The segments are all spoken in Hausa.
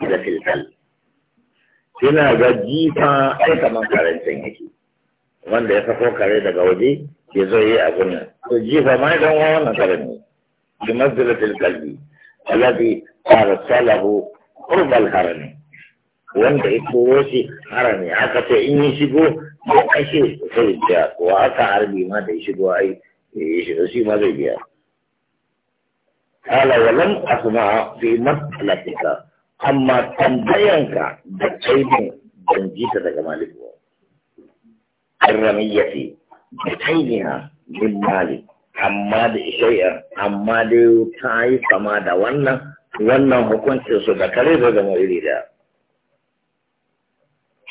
da filkal yana ga jifa ai kamar yake wanda ya sako kare daga waje ya zo yi a nan to jifa ma idan wa wannan karen ne bi mazdilatil qalbi alladhi arsalahu harami wanda ya koro shi harami aka ce in yi shigo ya kashe sai biya wa aka harbi ma da ya shigo ai ya shigo shi ma zai biya قال ولم أسمع في مسألتك amma tambayanka da kaidin ban ji ta daga malik ba karramiyyati da kaidina min malik amma da shay'a amma da ta yi sama da wannan wannan hukuncin su da kare da zama iri da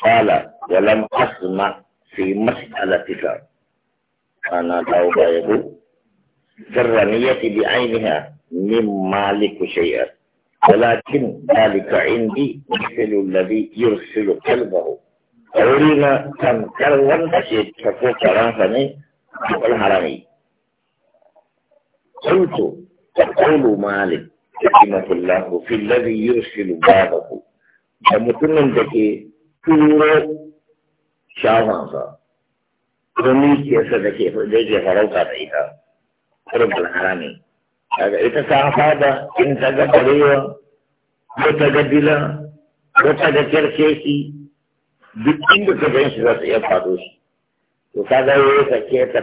qala wa lam asma fi mas'alatika ana dawo ba yabo karramiyyati bi ainiha min malik shay'a ولكن ذلك عندي مثل الذي يرسل كلبه أولينا كان كروان تشيد كفو كرافني كفو الحرمي قلت تقول مالك رحمه الله في الذي يرسل بابه ومتمن ذكي تورو شاوانسا ومي كيسا ذكي فديكي فروقا رئيها قرب الحرمي إذا تعفى إن تقبل wata ga dila wata da kyarce duk inda ka gan shi za su iya faɗo shi to ka ga ya Ka ta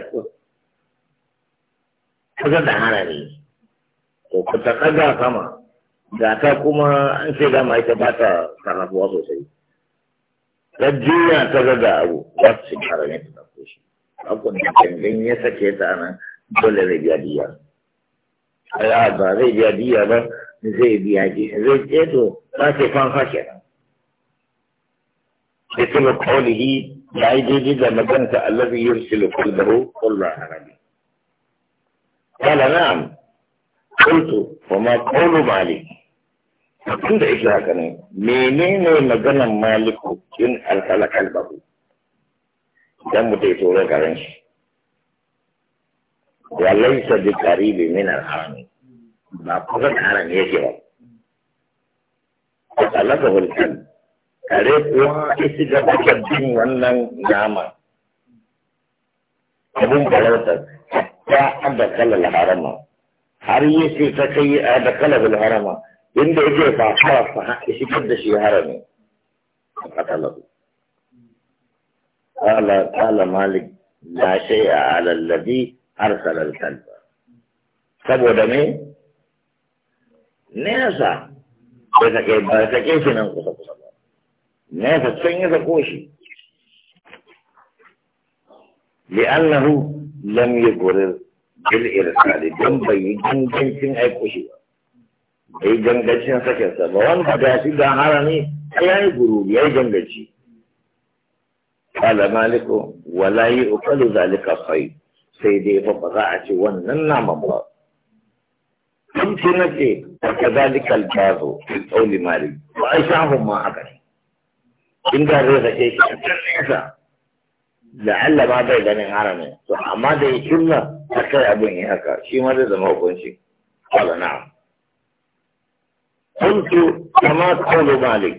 kusa da hana ne to ku ta ɗaga sama ga ta kuma an ce ma ita ba ta sarrafuwa sosai ta juya ta ga abu za su shi fara ne ta ɗauko shi akwai da kyanjin ya sake ta nan dole zai biya diya ai a ba zai biya diya ba zai biya ji zai je to za ce fansa kenan da kuma kaulihi ya yi daidai da magansa allazi yursilu qalbahu kullu arabi qala na'am qultu wa ma qawlu malik tun da ita haka ne menene maganan maliku in alkala kalbahu dan mu dai tsoron garin shi wa laysa bi qaribi min al باقوة حرام يجيب فقال الله هو الكلب قريب هو إسجا بكر دين ونن ناما أبون بلوتا حتى أبقل الحرام حرية سيفكي أبقل الحرام إن بيجي فاقوة فحا إسجا بشي حرام فقال الله قال قال مالك لا شيء على الذي أرسل الكلب سبب دمين nesa ba ta kai ba ka kai shi nan kusa kusa ba nesa can ya sako shi li'annahu lam yughrir bil irsali dan bai gangancin aiko shi ba bai gangancin sakin sa ba wanda da shi ga harami yi guru yi gangaci qala maliku wala yuqalu zalika khay sai dai fa ba za a ce wannan na mamba sun ce na ce ka zalikal bazo fi tsauli mari ba a shahun ma haka ne inda zai sake shi a can nesa Allah ma bai ganin haramin to amma da ya sunna a kai abin ya haka shi ma zai zama hukunci kwallo na kuntu kama tsauli mali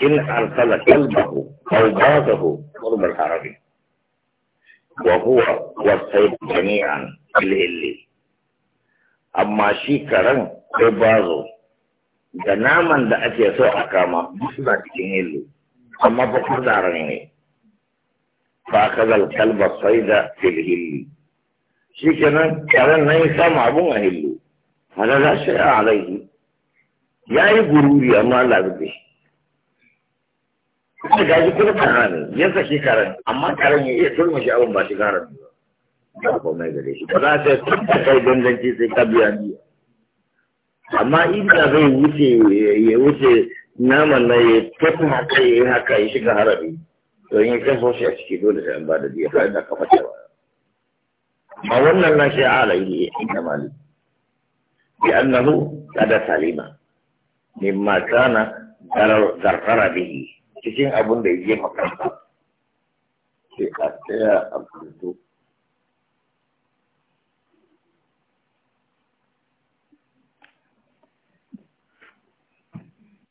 in arsala kalbahu kawai bazahu kurbar harabi wa huwa wasai jami'an fil amma shi karen kai bazo da naman da ake so a kama suna cikin hillu amma ba ku zaren ne fa kazal kalba saida fil hilli shi kenan karen na yi samu abun a hillu hada za shi a alaihi ya yi gururi amma lalubi kuma gaji kuma karen ya shi karen amma karen ya iya turmushi abin ba shi karen ba ba komai gare shi ba za ta yi kai ganganci sai ka biya biya amma inda zai wuce ya wuce naman na ya tafi haka ya yi haka ya shiga harabi to in ya kaso shi a ciki dole sai an ba da biya har da kafa ta ba amma wannan na shi ala yi inda mali bi annahu kada salima mimma kana darfara bihi cikin abun da ya jefa kansa sai a tsaya a